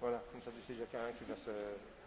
voilà comme ça tu sais il y a quelqu'un qui va se